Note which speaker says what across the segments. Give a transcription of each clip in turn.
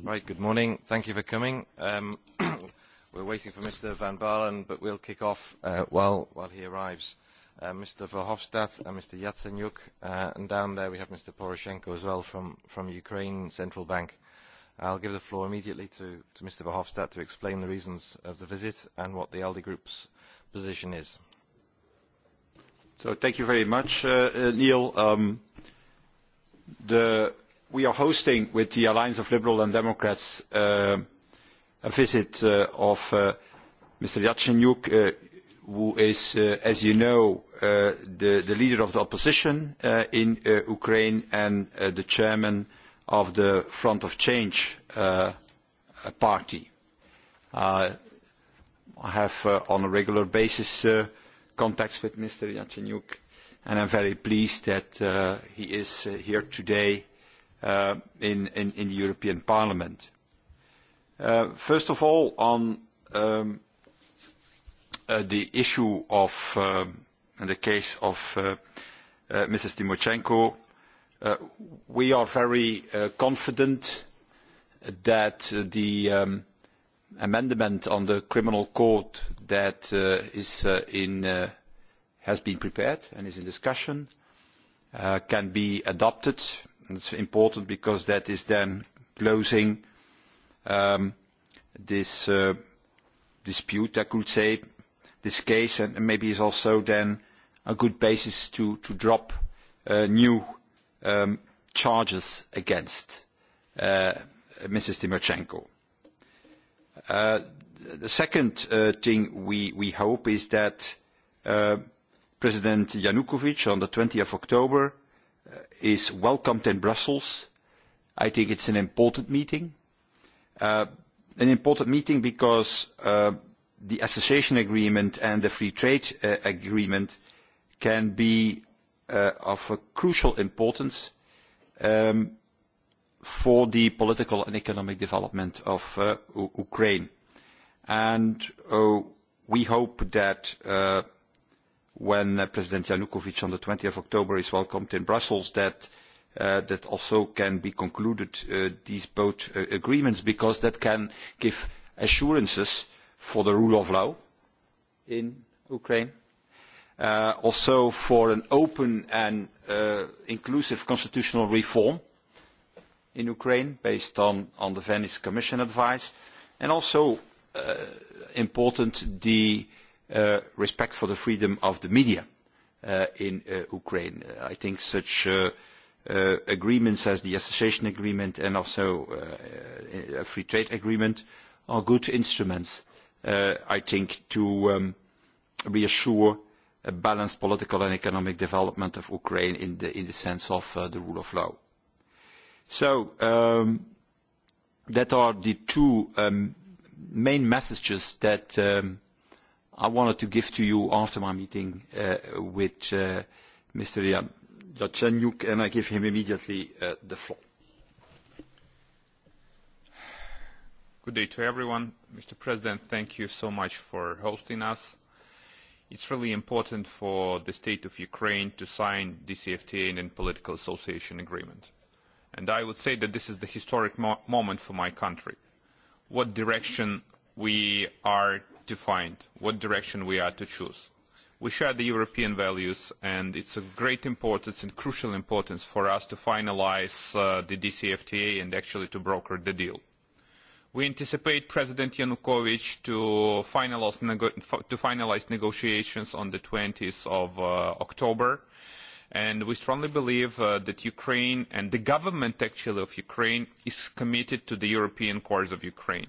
Speaker 1: Right, good morning. Thank you for coming. Um, we're waiting for Mr. Van Balen, but we'll kick off uh, while, while he arrives. Uh, Mr. Verhofstadt and Mr. Yatsenyuk, uh, and down there we have Mr. Poroshenko as well from, from Ukraine Central Bank. I'll give the floor immediately to, to Mr. Verhofstadt to explain the reasons of the visit and what the ALDE Group's position is.
Speaker 2: So thank you very much, uh, uh Neil. Um, the we are hosting with the Alliance of Liberal and Democrats uh, a visit uh, of uh, Mr. Yatsenyuk, uh, who is, uh, as you know, uh, the, the, leader of the opposition in Ukraine and the chairman of the Front of Change party. I have on a regular basis contacts with Mr. Yatsenyuk, and I'm very pleased that he is here today uh, Uh, in, the European Parliament. Uh, first of all, on um, uh, the issue of, um, the case of Mrs. Tymoshenko, we are very confident that the um, amendment on the criminal code that is in has been prepared and is in discussion can be adopted It's important because that is then closing um, this uh, dispute, I could say, this case, and maybe is also then a good basis to, to drop uh, new um, charges against uh, Mrs. Timoshenko. Uh, the second uh, thing we, we hope is that uh, President Yanukovych on the 20th of October Uh, is welcomed in Brussels. I think it's an important meeting. Uh, an important meeting because uh, the association agreement and the free trade uh, agreement can be uh, of crucial importance um, for the political and economic development of uh, Ukraine. And we hope that when uh, President Yanukovych on the 20th of October is welcomed in Brussels that uh, that also can be concluded uh, these both uh, agreements because that can give assurances for the rule of law in Ukraine, uh, also for an open and uh, inclusive constitutional reform in Ukraine based on, on the Venice Commission advice, and also uh, important the Uh, respect for the freedom of the media uh, in uh, Ukraine. I think such uh, uh, agreements as the association agreement and also uh, a free trade agreement are good instruments, uh, I think, to um, reassure a balanced political and economic development of Ukraine in the, in the sense of uh, the rule of law. So um, that are the two um, main messages that um, I wanted to give to you after my meeting uh, with uh, Mr. Yatsenyuk,
Speaker 1: and I give him immediately uh, the floor. Good day to everyone. Mr. President, thank you so much for hosting us. It's really important for the state of Ukraine to sign DCFTA and political association agreement. And I would say that this is the historic mo moment for my country. What direction we are defined what direction we are to choose. We share the European values and it's of great importance and crucial importance for us to finalise uh, the DCFTA and actually to broker the deal. We anticipate President Yanukovych to finalise, nego to finalize negotiations on the 20th of uh, October and we strongly believe uh, that Ukraine and the government actually of Ukraine is committed to the European course of Ukraine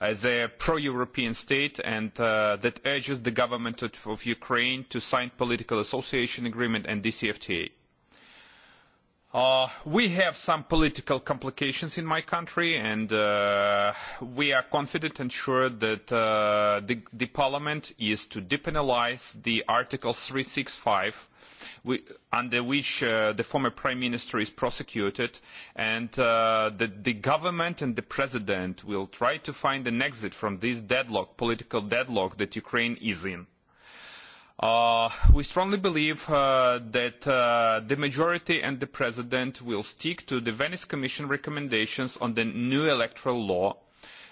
Speaker 1: as a pro-European state and uh, that urges the government of, of Ukraine to sign political association agreement and DCFTA. Uh, we have some political complications in my country and uh, we are confident and sure that uh, the, the parliament is to depenalize the Article 365 under which uh, the former prime minister is prosecuted and uh, the, the government and the president will try to find an exit from this deadlock, political deadlock that Ukraine is in. Uh, we strongly believe uh, that uh, the majority and the president will stick to the Venice Commission recommendations on the new electoral law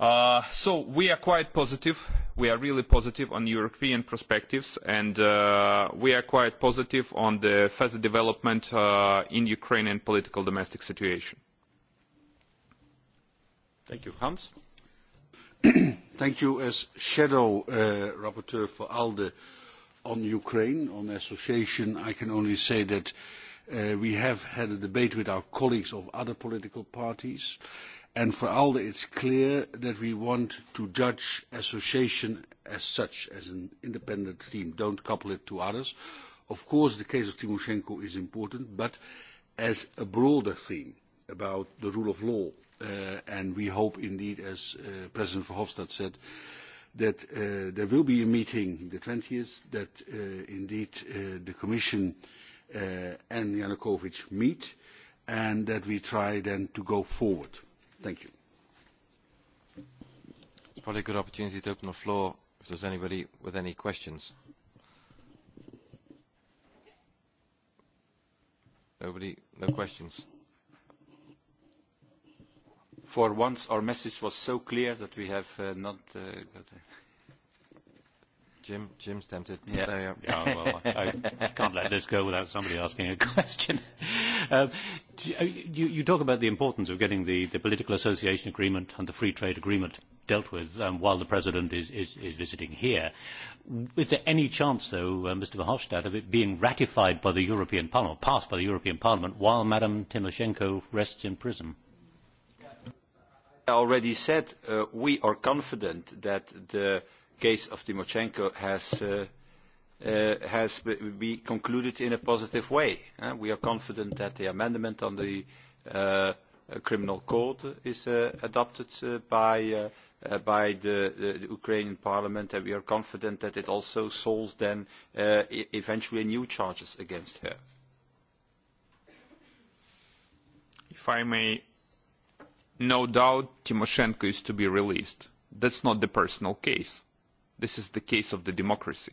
Speaker 1: Uh, so we are quite positive we are really positive on european perspectives and uh, we are quite positive on the further development uh, in ukraine and political domestic situation
Speaker 3: thank you hans thank you as shadow rapporteur for alde on ukraine on association i can only say that we have had a debate with our colleagues of other political parties and And for ALDE, it's clear that we want to judge association as such, as an independent team. Don't couple it to others. Of course, the case of Timoshenko is important, but as a broader theme about the rule of law, uh, and we hope indeed, as uh, President Verhofstadt said, that uh, there will be a meeting the 20th, that uh, indeed uh, the Commission uh, and Yanukovych meet, and that we try then to go forward. Thank you. It's probably a good opportunity to open the floor if there's anybody with any questions.
Speaker 2: Nobody? No questions? For once, our message was so clear that we have uh, not uh, got Jim, Jim's tempted. Yeah, yeah well, I, I can't let this go without somebody asking a question. Um, uh, you, you talk about the importance of getting the, the political association agreement and the free trade agreement dealt with um, while the president is, is, is visiting here. Is there any chance, though, uh, Mr. Verhofstadt, of it being ratified by the European Parliament, passed by the European Parliament, while Madam Tymoshenko rests in prison? I already said uh, we are confident that the case of Tymoshenko has uh, Uh, has be concluded in a positive way. Uh, we are confident that the amendment on the uh, criminal code is uh, adopted uh, by, by the, the Ukrainian parliament, and we are confident that it also solves then eventually new
Speaker 1: charges against her. If I may, no doubt Tymoshenko is to be released. That's not the personal case. This is the case of the democracy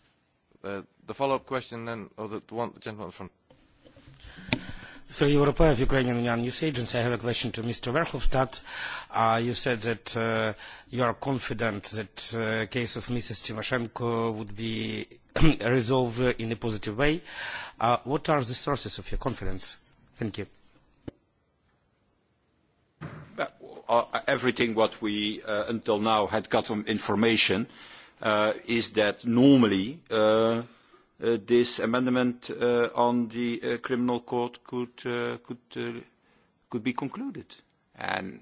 Speaker 3: Uh, the follow-up question then, or the, the one, the gentleman from so European Ukrainian Union news Agency, I have a question to Mr. Verhofstadt. Uh, you said that
Speaker 1: uh, you are confident that the uh, case of Mrs. Tymoshenko would be resolved in a positive way. Uh, what are the sources of your confidence? Thank you.
Speaker 2: Uh, everything what we until now had got from information uh, uh, is that normally uh, uh this amendment uh, on the uh, criminal court could could could be concluded. And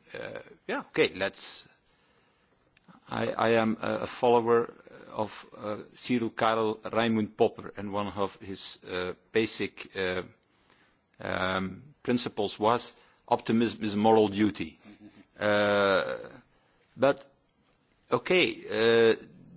Speaker 2: yeah, okay, let's. I, I am a follower of uh, Cyril Karel Raimund Popper, and one of his uh, basic uh, um, principles was optimism is moral duty. Uh, but, okay, uh,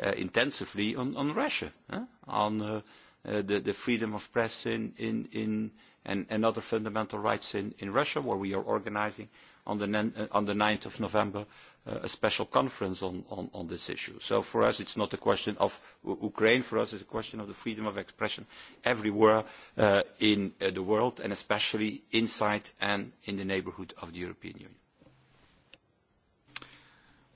Speaker 2: uh, intensively on, on Russia, huh? on uh, uh, the, the freedom of press in, in, in, and, and other fundamental rights in, in Russia, where we are organizing on the, uh, on the 9th of November uh, a special conference on, on, on this issue. So for us, it's not a question of Ukraine. For us, it's a question of the freedom of expression everywhere uh, in uh, the world,
Speaker 1: and especially inside and in the neighborhood of the European Union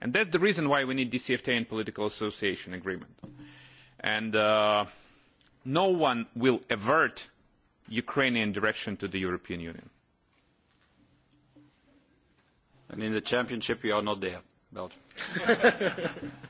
Speaker 1: and that's the reason why we need DCFTA and political association agreement. And uh, no one will avert Ukrainian direction to the European Union. And in the championship, we are not there,
Speaker 3: Belgium.